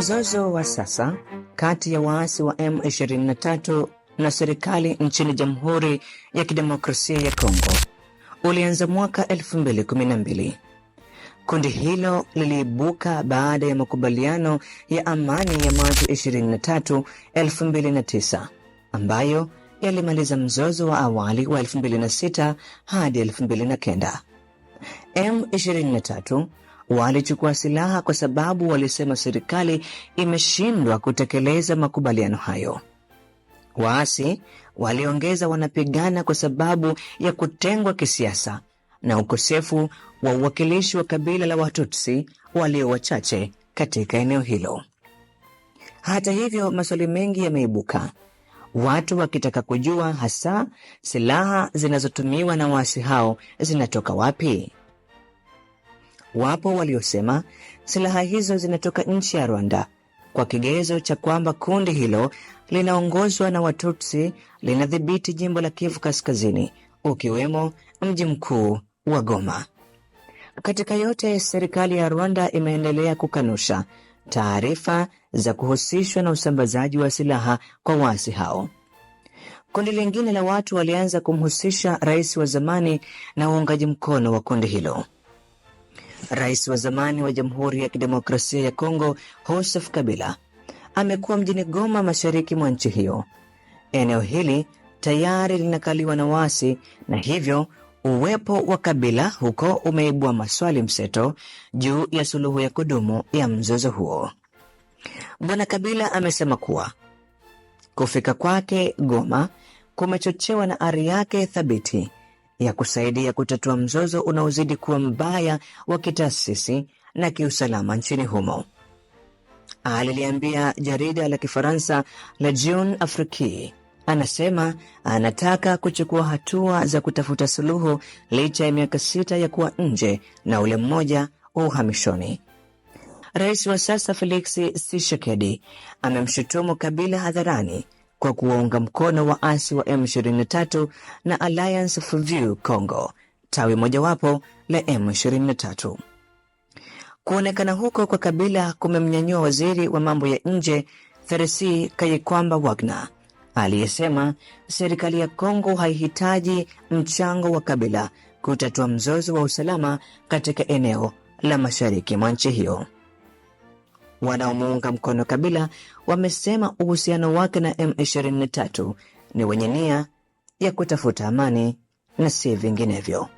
Mzozo wa sasa kati ya waasi wa M23 na serikali nchini Jamhuri ya Kidemokrasia ya Kongo ulianza mwaka 2012. Kundi hilo liliibuka baada ya makubaliano ya amani ya Machi 23, 2009 ambayo yalimaliza mzozo wa awali wa 2006 hadi 2009. M23 walichukua silaha kwa sababu walisema serikali imeshindwa kutekeleza makubaliano hayo. Waasi waliongeza wanapigana kwa sababu ya kutengwa kisiasa na ukosefu wa uwakilishi wa kabila la Watutsi walio wachache katika eneo hilo. Hata hivyo, maswali mengi yameibuka, watu wakitaka kujua hasa silaha zinazotumiwa na waasi hao zinatoka wapi. Wapo waliosema silaha hizo zinatoka nchi ya Rwanda kwa kigezo cha kwamba kundi hilo linaongozwa na Watutsi linadhibiti jimbo la Kivu Kaskazini, ukiwemo mji mkuu wa Goma. Katika yote, serikali ya Rwanda imeendelea kukanusha taarifa za kuhusishwa na usambazaji wa silaha kwa waasi hao. Kundi lingine la watu walianza kumhusisha rais wa zamani na uungaji mkono wa kundi hilo. Rais wa zamani wa Jamhuri ya Kidemokrasia ya Kongo Joseph Kabila amekuwa mjini Goma, mashariki mwa nchi hiyo. Eneo hili tayari linakaliwa na waasi na hivyo uwepo wa Kabila huko umeibua maswali mseto juu ya suluhu ya kudumu ya mzozo huo. Bwana Kabila amesema kuwa kufika kwake Goma kumechochewa na ari yake thabiti ya kusaidia kutatua mzozo unaozidi kuwa mbaya wa kitaasisi na kiusalama nchini humo. Aliliambia jarida la Kifaransa la Jeune Afrique. Anasema anataka kuchukua hatua za kutafuta suluhu licha ya miaka sita ya kuwa nje na ule mmoja wa uhamishoni. Rais wa sasa Felix Tshisekedi amemshutumu Kabila hadharani kwa kuwaunga mkono waasi wa M23 na Alliance Fleuve Congo, tawi mojawapo la M23. Kuonekana huko kwa Kabila kumemnyanyua waziri wa mambo ya nje Theresi Kayikwamba Wagner aliyesema serikali ya Kongo haihitaji mchango wa Kabila kutatua mzozo wa usalama katika eneo la mashariki mwa nchi hiyo wanaomuunga mkono Kabila wamesema uhusiano wake na M23 ni wenye nia ya kutafuta amani na si vinginevyo.